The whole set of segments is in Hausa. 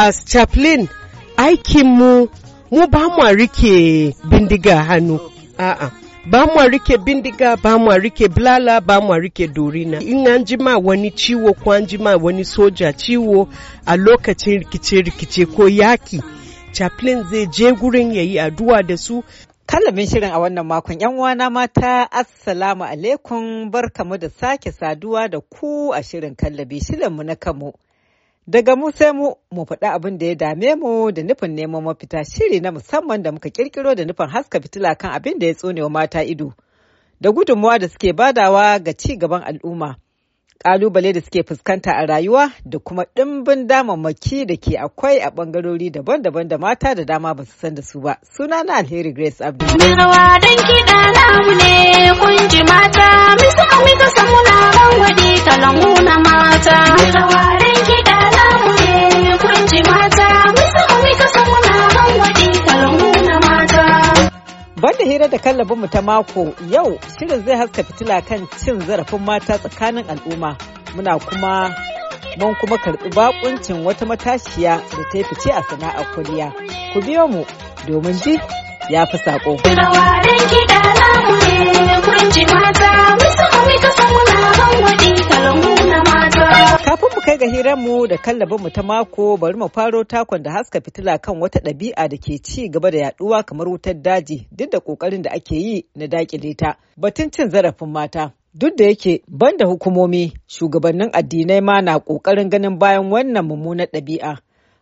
as chaplain aikinmu mu ba mu rike bindiga hannu a'a ba mu rike bindiga ba mu rike blala ba mu rike dorina in an ji ma wani ciwo ko an ji ma wani soja ciwo a lokacin rikice-rikice ko yaki chaplain zai je gurin yayi addu'a da su Kalamin shirin a wannan makon ‘yan uwana mata, Assalamu alaikum, barkamu da sake saduwa da ku a shirin kallabi mu na kamo. Daga mu sai mu mu faɗi abin da ya dame mu da nufin neman mafita shiri na musamman da muka kirkiro da nufin haska fitila kan abin da ya tsonewa mata ido da gudunmuwa da suke badawa ga ci gaban al'umma. kalubale da suke fuskanta a rayuwa da kuma ɗimbin damammaki da ke akwai a ɓangarori daban-daban da mata da dama ba su san da su ba. Suna na Alheri Grace Abdi. Rawa don kiɗa namu ne kun ji mata, mu mika samu na bangwadi kalangu na mata. Rawa don kiɗa namu ne kun ji mata, mu mika samu na bangwadi kalangu na mata. Banda hira da kallabinmu ta mako yau shirin zai haska fitila kan cin zarafin mata tsakanin al'umma. Muna kuma mun kuma karɓi bakuncin wata matashiya da ta yi fice a sana'ar kuliya. Ku biyo mu domin ji ya fi saƙo. kiɗa na mu ne, kun mata, mai muna Kafin mu kai ga hiranmu da kallabinmu ta mako bari mu faro takon da haska fitila kan wata ɗabi'a da ke ci gaba da yaduwa kamar wutar daji duk da ƙoƙarin da ake yi na daƙile ta. Batun cin zarafin mata. Duk da yake banda hukumomi shugabannin addinai ma na ƙoƙarin ganin bayan wannan mummunar ɗabi'a.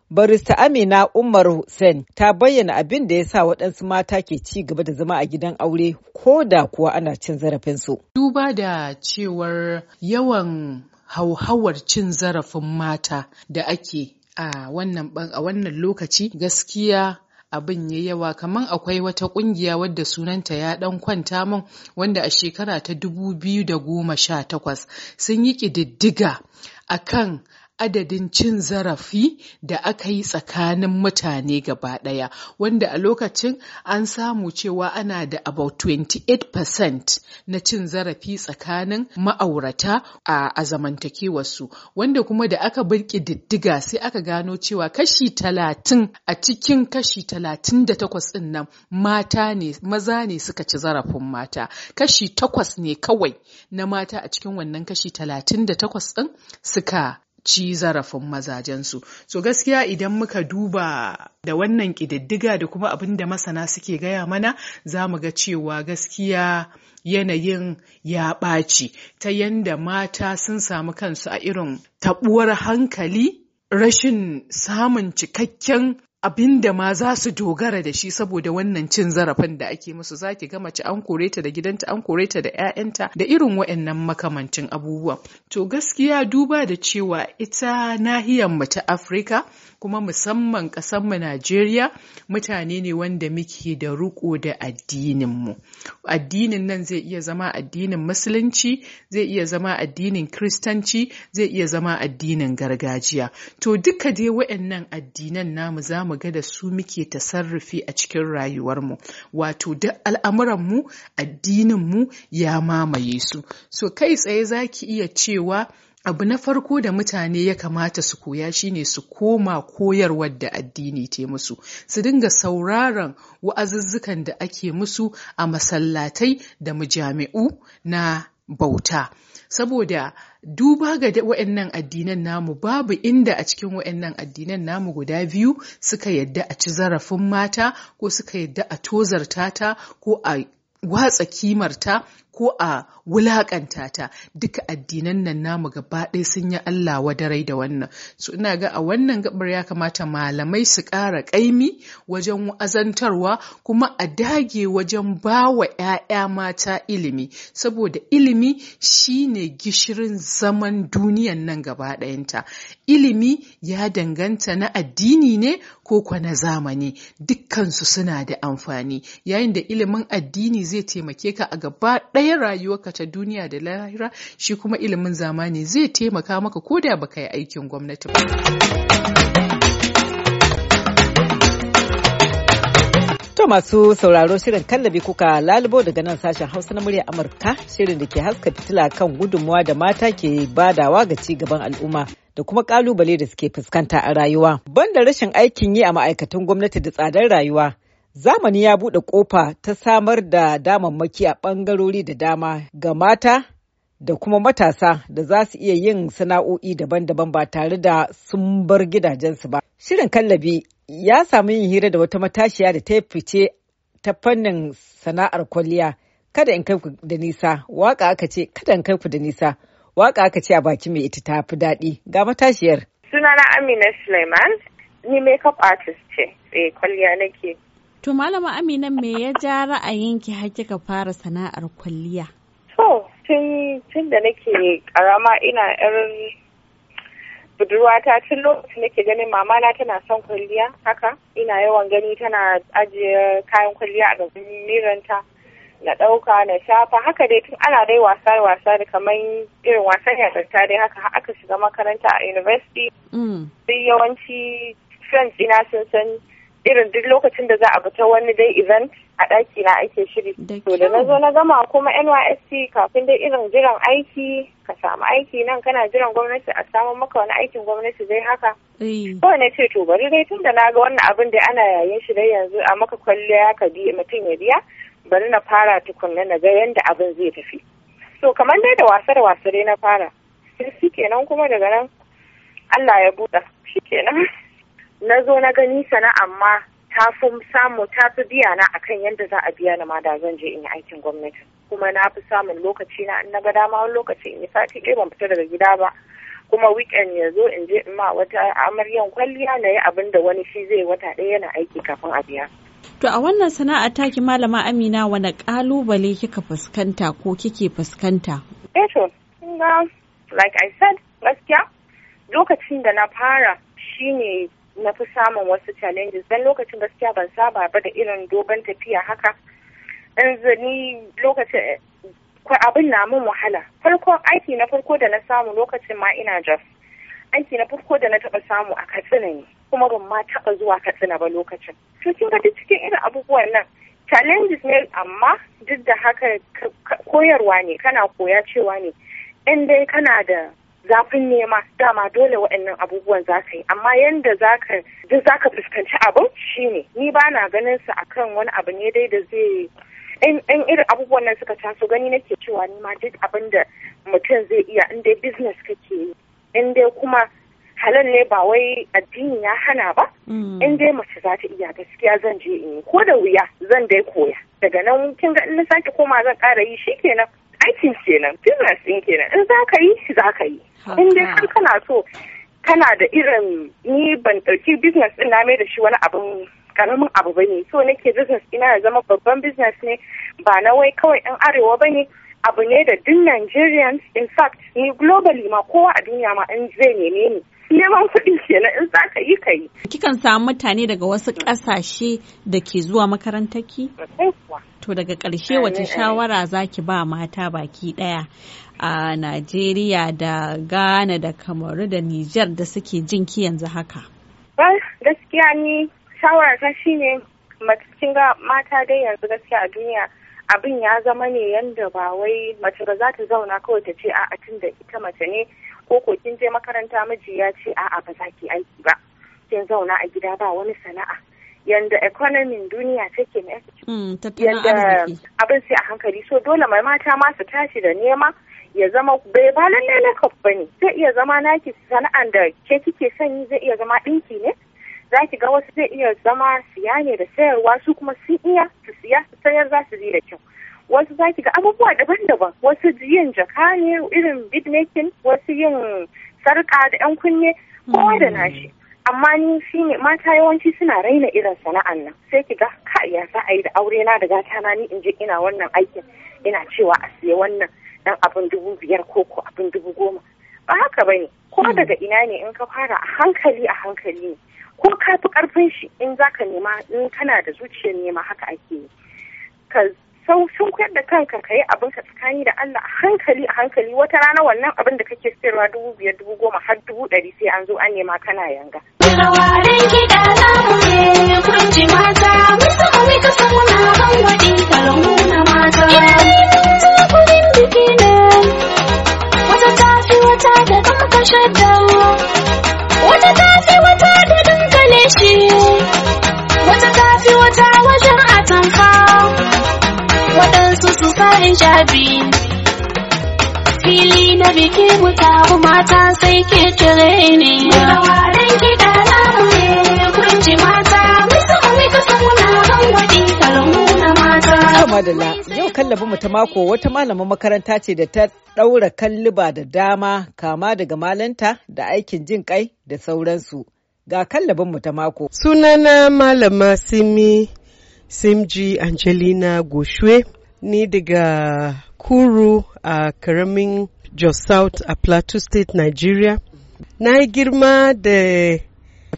Barista Amina Umar Hussein ta bayyana abin da ya sa waɗansu mata ke ci gaba da zama a gidan aure ko da kuwa ana cin zarafinsu. Duba da cewar yawan hauhawar cin zarafin mata da ake a wannan a wannan lokaci gaskiya abin ya yawa kamar akwai wata kungiya wadda sunanta ya dan kwanta min wanda a shekara ta 2018 sun yi kididdiga akan adadin cin zarafi da aka yi tsakanin mutane gaba ɗaya wanda a lokacin an samu cewa ana da about 28% na cin zarafi tsakanin ma'aurata a, a zamantakewarsu wanda kuma da aka birki diddiga sai aka gano cewa kashi talatin a cikin kashi talatin da ɗin nan mata ne maza ne suka ci zarafin mata kashi takwas ne kawai na mata a cikin wannan kashi talatin da ɗin suka ci zarafin mazajensu. So gaskiya idan muka duba da wannan ƙididdiga da kuma abin da masana suke gaya mana za mu ga cewa gaskiya yanayin ya ɓaci ta yanda mata sun samu kansu a irin taɓuwar hankali rashin samun cikakken abin da ma za su dogara da shi saboda wannan cin zarafin da ake musu za ki ga mace an kore ta da gidanta an kore ta da 'ya'yanta da irin waɗannan makamancin abubuwa to gaskiya duba da cewa ita nahiyar mu ta afirka kuma musamman mu najeriya mutane ne wanda muke da riko da addinin mu. addinin nan zai iya zama addinin musulunci zai iya zama addinin kristanci zai iya zama addinin gargajiya to duka dai waɗannan addinan namu za mu ga da su muke tasarrufi a cikin rayuwarmu wato duk al'amuranmu addininmu ya mamaye su so kai tsaye za ki iya cewa abu na farko da mutane ya kamata su koya shine su koma koyarwar da addini ta musu su dinga sauraron wa'azuzzukan da ake musu a masallatai da mujami'u na bauta saboda duba ga wa'annan addinan namu babu inda a cikin wa'annan addinan namu guda biyu suka yadda a ci zarafin mata ko suka yadda a tozarta ta ko a watsa kimarta ko a wulakanta ta duka addinan nan namu gaba ɗaya sun yi Allah wadarai da wannan so ina ga a wannan gabar ya kamata malamai su ƙara ƙaimi wajen azantarwa kuma a dage wajen bawa wa 'ya'ya mata ilimi saboda ilimi shine gishirin zaman duniyan nan gaba ɗayanta ilimi ya danganta na addini ne Koko na zamani dukkansu suna da amfani yayin da ilimin addini zai taimake ka a gaba ɗaya rayuwarka ta duniya da lahira shi kuma ilimin zamani zai taimaka maka ko da baka yi aikin gwamnati ba. To masu sauraro shirin kallabi kuka lalubo daga nan sashen Hausa na murya Amurka shirin da ke haska fitila kan gudunmuwa da mata ke badawa ga ci gaban al'umma. da kuma kalubale da suke fuskanta a rayuwa. Banda rashin aikin yi a ma'aikatan gwamnati da tsadar rayuwa, zamani ya buɗe ƙofa ta samar da damammaki a ɓangarori da dama ga mata da kuma matasa da za su iya yin sana'o'i daban-daban ba tare da sun bar gidajensu ba. Shirin kallabi ya samu yin hira da wata matashiya da ta fice ta fannin sana'ar kwalliya. Kada in kai ku da nisa, waka aka ce kada in kai ku da nisa. Waka aka ce a baki mai ita ta fi daɗi ga matashiyar. Sunana Amina Suleiman, ni makeup artist ce, eh kwalliya nake. To Malama Amina me ya ja ra'ayinki har kika fara sana'ar kwalliya? To, tun da nake karama ina yar budurwata tun lokacin nake ganin mama na tana son kwalliya haka ina yawan gani tana ajiye kayan kwalliya a gaban miranta. na ɗauka na shafa haka dai tun ana dai wasa wasa da kamar irin wasan yadarta dai haka aka shiga makaranta a university sai mm. yawanci friends ina sun san irin duk lokacin da za a fita wani dai event a ɗaki na ake shiri to da na zo na gama kuma NYSC kafin dai irin jiran aiki ka samu aiki nan kana jiran gwamnati a samu maka wani aikin gwamnati zai haka eh. kawai na ce to bari dai tun da na ga wannan abin da ana yayin shi dai yanzu a maka kwalliya ka bi mutum ya biya bari na fara tukunna na ga yadda abin zai tafi so kamar dai da wasa da wasa dai na fara sai kenan kuma daga nan Allah ya buɗa kenan na zo na gani sana amma ta fi samu ta fi biya na akan yadda za a biya na ma da zan je in yi aikin gwamnati kuma na fi samun lokaci na na ga dama wani lokaci in yi sati ɗaya ban fita daga gida ba kuma weekend ya zo in je in ma wata amaryan kwalliya na yi abin da wani shi zai wata ɗaya yana aiki kafin a biya To a wannan sana'a taki malama Amina wani kalubale kika fuskanta ko kike fuskanta? Eh to, like I said, gaskiya lokacin da na fara shine na fi samun wasu challenges dan lokacin gaskiya ban saba ba da irin dogon tafiya haka. Dan zani lokacin abin na min wahala. Farko aiki na farko da na samu lokacin ma ina Jos. Aiki na farko da na taɓa samu a Katsina ne. kuma ban ma taɓa zuwa katsina ba lokacin to kin duk cikin irin abubuwan nan challenges ne amma duk da haka koyarwa ne kana koya cewa ne in dai kana da zafin nema dama dole waɗannan abubuwan za ka yi amma yanda za ka duk za ka fuskanci abin shine ni ba na ganin su akan wani abu ne dai da zai in irin abubuwan nan suka taso gani nake cewa ni ma duk abin da mutum zai iya in dai business kake yi in dai kuma halal ne ba wai addini ya hana ba mm. in dai mace za ta iya gaskiya zan je in yi ko da wuya zan dai koya daga nan kin ga in na sake koma zan kara yi shi shikenan aikin kenan business din kenan in za ka yi za ka yi in dai har kana so kana da irin ni ban ɗauki business din na mai da shi wani abin karamin abu bane so nake business ina ya zama babban business ne ba na wai kawai yan arewa bane abu ne da duk Nigerians in fact ni globally ma kowa a duniya ma in zai neme ni neman kuɗi kenan in za ka yi ka yi. Kikan samu mutane daga wasu ƙasashe da ke zuwa ki To daga ƙarshe wace shawara za ki ba mata baki ɗaya a Najeriya da Ghana da Kamaru da Nijar da suke jin ki yanzu haka? Gaskiya ni shawara ta shi matakin ga mata dai yanzu gaskiya a duniya abin ya zama ne yanda ba wai mace ba za ta zauna kawai ta ce a tun da ita mace ne ko ko kin je makaranta miji ya ce a'a ba za ki aiki ba kin zauna a gida ba wani sana'a yanda economy duniya take ne hmm, yanda abin sai a hankali so dole mai mata ma su tashi da nema ya zama bai ba lallai na ba ne zai iya zama naki sana'an da ke kike yi zai iya zama dinki ne za ki ga wasu zai iya zama siya ne da sayarwa su kuma su iya su siya su sayar za su da kyau wasu za ki ga abubuwa daban-daban wasu yin jaka ne irin bidmaking wasu yin sarka da yan kunne ko da nashi amma ni shi ne mata yawanci suna raina irin sana'an nan sai ki ga ka ya za a yi da aure na da gata na ni in je ina wannan aikin ina cewa a siya wannan dan abin dubu biyar ko ko abin dubu goma ba haka bane ko hmm. daga ina ne in ka fara a hankali a hankali ne ko ka fi karfin shi in ka nema in kana da zuciyar nema haka ake yi sau sun koyar da kanka ka yi abin ka tsakani da Allah a hankali a hankali wata rana wannan abin da kake sayarwa dubu biyar dubu goma har dubu ɗari sai an zo an nema kana yanga. Rawarin kiɗa namu ne mata mai muna mata. Ina wata tafi wata da ban kashe wata ta wata shi wata tafi wata wata hijabi fili na biki mu taru mata sai ke tare ne waren yau kallabin mu ta mako wata malamin makaranta ce da ta ɗaura kalliba da dama kama daga malanta da aikin jin kai da sauransu ga kallabin mu ta mako sunana malama simi simji angelina goshwe ni daga Kuru a karamin Jos South a Plateau State, Nigeria. Na yi girma da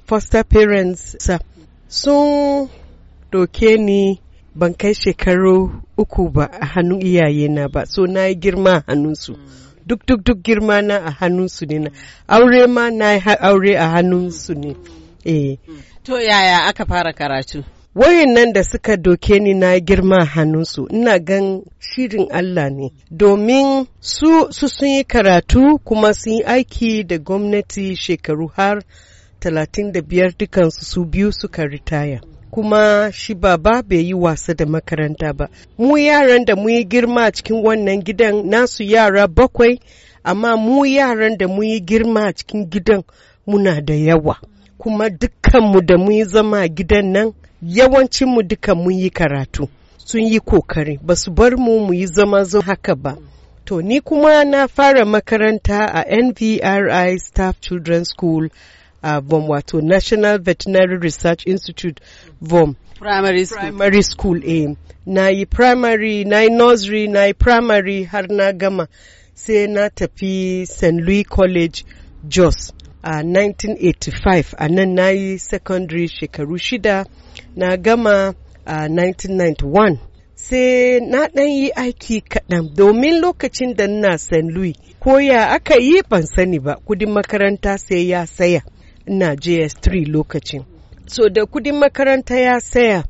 foster parents sun doke ni ban kai shekaru uku ba a hannun iyaye na ba, so na yi girma a hannunsu. Duk duk duk girma na a hannunsu ne na. Aure ma na yi aure a hannunsu ne. Eh. To yaya aka fara karatu? wayin nan da suka doke ni na girma hannunsu ina gan shirin Allah ne domin su su sun yi karatu kuma sun yi aiki da gwamnati shekaru har 35 dukansu su biyu suka ritaya kuma shi baba bai yi wasa da makaranta ba mu yaran da mu yi girma cikin wannan gidan nasu yara bakwai amma mu yaran da mu yi girma cikin gidan muna da yawa kuma dukkanmu da mu yi zama gidan nan yawancinmu duka mun yi karatu sun yi kokari ba su bar mu mu yi zama zan haka ba to ni kuma na fara makaranta a nvri staff children school a vom wato national veterinary research institute vom primary school, primary school a eh. na yi primary na yi nursery na yi primary har na gama sai na tafi st louis college jos a uh, 1985 a nan na yi secondary shekaru shida na gama a 1991 sai na ɗan yi aiki kaɗan domin lokacin da na san Louis ko ya aka yi ban sani ba kudin makaranta sai ya saya ina JS3 lokacin. So da kudin makaranta ya saya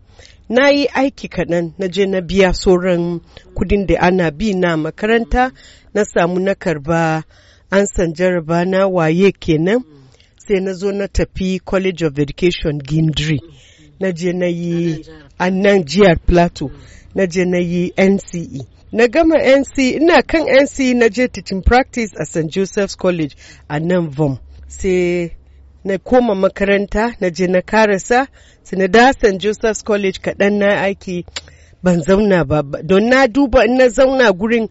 na yi aiki kaɗan na je na biya sauran kudin da ana bi na makaranta na samu na karba an san jaraba na waye kenan sai na zo na tafi College of Education Gindri. na je na yi a nan jihar plateau mm. na je na yi nce na gama nce ina kan nce na je teaching practice a st joseph's college a nan vom sai na koma makaranta na je na karasa sai na da st joseph's college kaɗan na aiki ban zauna ba don na duba in na zauna gurin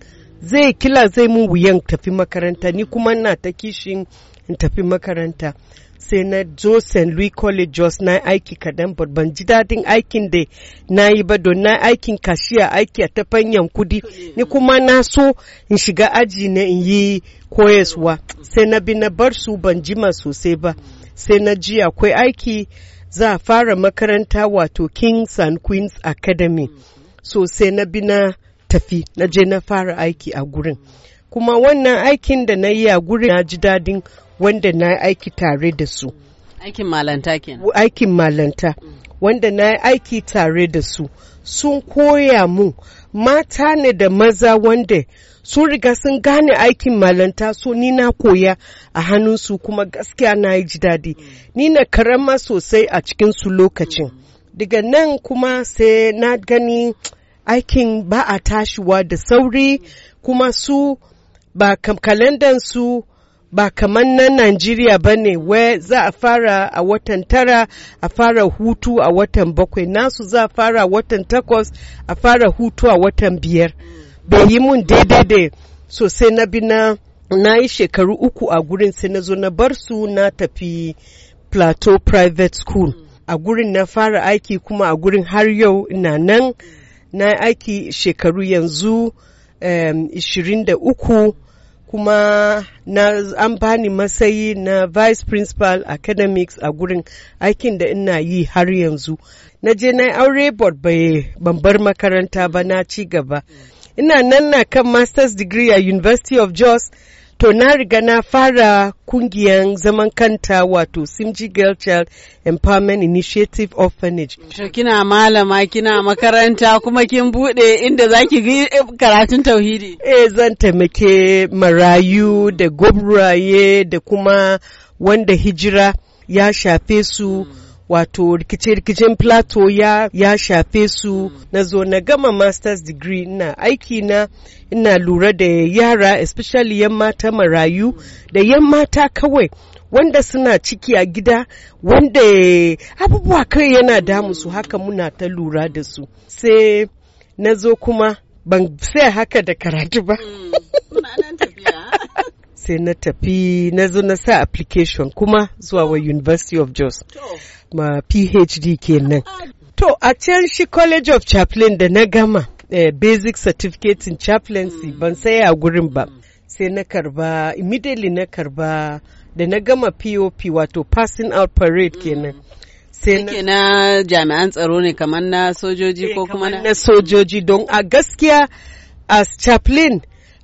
zai kila zai mu wuyan tafi makaranta ni kuma na ta kishin in tafi makaranta sai na zo st louis college jos na aiki kadan ban ji daɗin aikin da na yi ba don na aikin kashiya aiki a ta fanyan kudi ni kuma na so in shiga aji na in yi koyaswa sai na bi na bar su ban jima sosai ba sai na ji akwai aiki za a fara makaranta wato kings and queens academy so sai na bi na tafi na je na fara aiki a gurin. Mm kuma wannan aikin da na yi a guri na ji dadin wanda na aiki tare da su aikin malanta kenan aikin malanta wanda na aiki tare da su sun koya mu mata ne da maza wanda sun riga sun gane aikin malanta so ni na koya a hannunsu kuma gaskiya na yi ji daɗi ni na karama sosai a cikinsu lokacin daga nan kuma sai na gani aikin ba a tashiwa da sauri kuma su ba kam kalendansu ba kamar na Najeriya ba ne wai za a fara a watan tara a fara hutu a watan bakwai nasu za a fara watan takwas a fara hutu a watan biyar bai yi mun daidai da sosai na bi na yi shekaru uku a gurin sai na zo na bar su na tafi plateau private school a gurin na fara aiki kuma a gurin har yau ina nan na aiki shekaru yanzu 23 kuma na an bani masayi na vice principal academics a gurin aikin da ina yi har yanzu na je na aure board bai bambar makaranta ba na ci gaba ina nan na kan masters degree a university of jos To na riga na fara kungiyan zaman kanta wato Simji Girl Child Empowerment Initiative Orphanage. To kina malama kina makaranta kuma kin bude inda zaki ki karatun tauhidi. Eh zan taimake marayu da gobraye da kuma wanda hijira ya shafe su. Mm. wato rikice-rikicen plato ya, ya shafe su hmm. na zo na gama masters degree ina aiki na ina lura da yara especially yan mata marayu da yan mata kawai wanda suna ciki a gida wanda abubuwa kai yana damu su haka muna ta lura da su sai na zo kuma ban sai haka da karatu ba hmm. sai na tafi na zo na sa application kuma zuwa wa University of Jos ma PhD kenan. To a can shi College of Chaplain da na gama eh, basic certificate in chaplaincy mm. ban sai a gurin ba. Sai na karba immediately na karba da na gama POP wato passing out parade mm. kenan. sai na jami'an tsaro ne kamar na sojoji eh, ko kuma na sojoji don a gaskiya as chaplain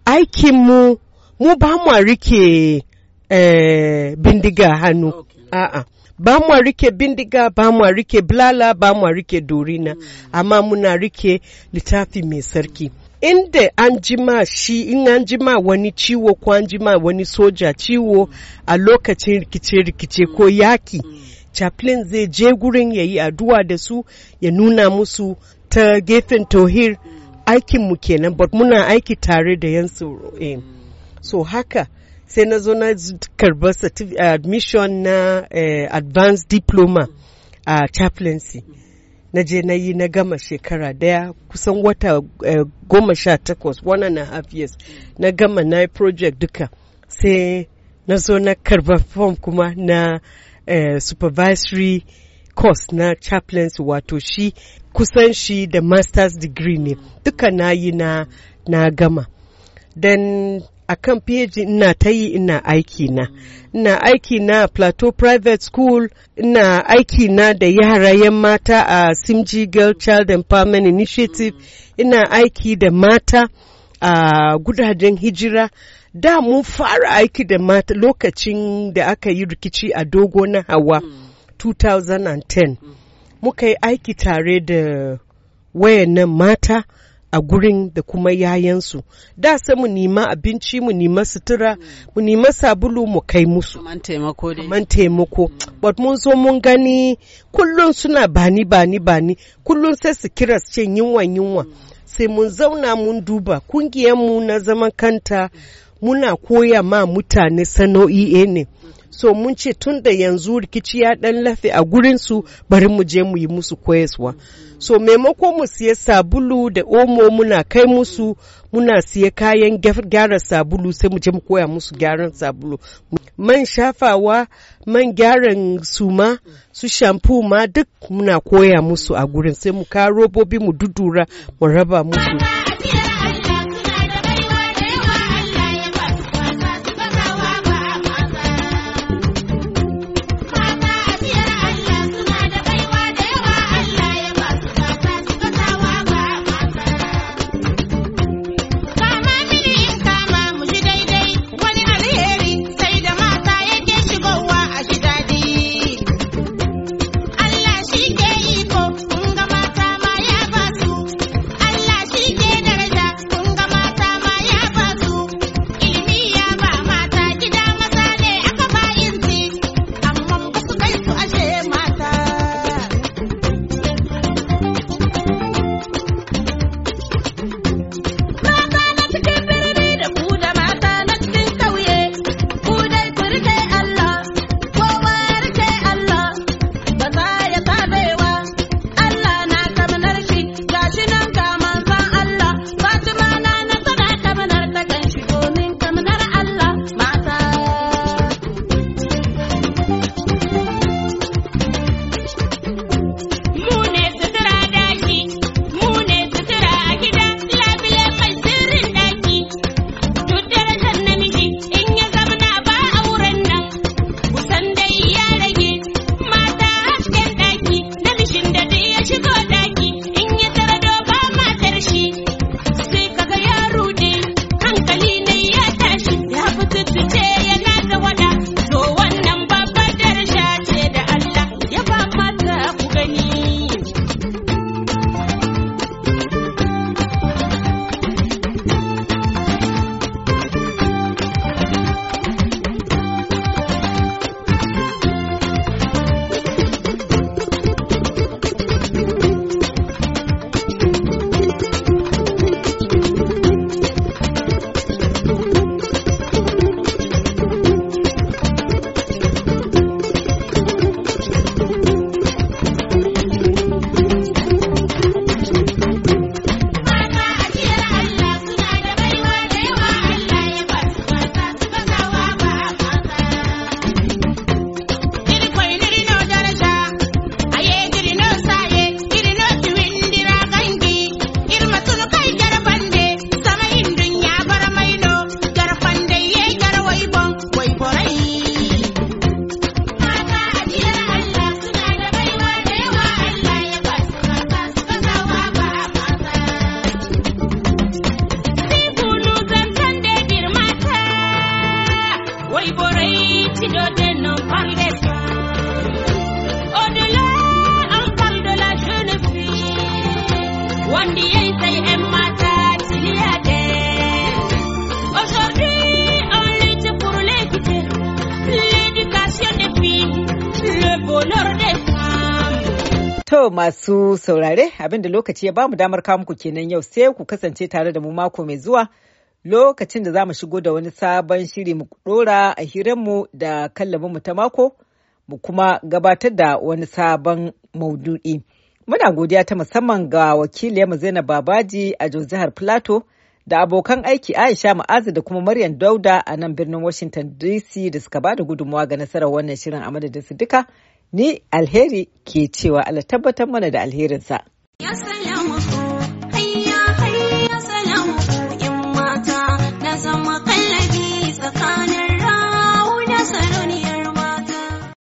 aikinmu mu ba mu rike eh, bindiga hannu ah, a'a ba mu rike bindiga ba mu rike blala ba mu rike dorina hmm. amma muna rike littafi mai sarki inda an jima shi in an jima wani ciwo ko an jima wani soja ciwo a lokacin rikice-rikice ko hmm. yaki hmm. chaplain zai je gurin ya yi addu'a da su ya nuna musu ta gefen tohir aikinmu kenan but muna aiki tare da yan tsoro. Eh. so haka sai na zo na karba admission na eh, advanced diploma a uh, chaplaincy na je na yi na gama shekara daya kusan wata eh, goma sha takwas one and a half years na gama na project duka sai na zo na karba form kuma na eh, supervisory course na chaplains wato shi kusan shi da master's degree ne duka na yi na, na gama then a kan peji ina ta yi ina aiki na ina aiki na plateau private school ina aiki na da yara yan mata a simji girl child empowerment initiative ina aiki da mata a gudajen hijira da mun fara aiki da mata lokacin da aka yi rikici a dogo na hawa 2010 mm. muka yi aiki tare da wayannan mata a gurin da kuma yayansu da sa mu nima abinci mu nima sutura mu nima sabulu mu kai musu man taimako dai man taimako but mun zo mun gani kullun suna bani bani bani kullun sai su kira su ce yunwa yinwa sai mun zauna mun duba kungiyar mu na zaman kanta muna koya ma mutane sana'o'i ne so mun ce tun da yanzu rikici ya dan lafe a gurin su bari mu je mu yi musu koyaswa so maimako mu siya sabulu da omo muna kai musu muna siya kayan gyara sabulu sai mu je mu koya musu gyaran sabulu man shafawa man gyaran suma su shampu ma duk muna koya musu a gurin sai mu ka robobi mu dudura mu raba musu masu saurare abinda lokaci ya bamu damar kawo muku kenan yau sai ku kasance tare da mu mako mai zuwa lokacin da za mu shigo da wani sabon shiri mu dora a mu da mu ta mako mu kuma gabatar da wani sabon maudu'i. Muna godiya ta musamman ga mu Zainab Babaji a jihar Plateau da abokan aiki Aisha Ma'azu da kuma Maryam Dauda a nan birnin Washington DC da suka ba da gudunmawa ga nasarar wannan shirin a madadin su duka. Ni alheri ke cewa Allah tabbatar mana da alherinsa.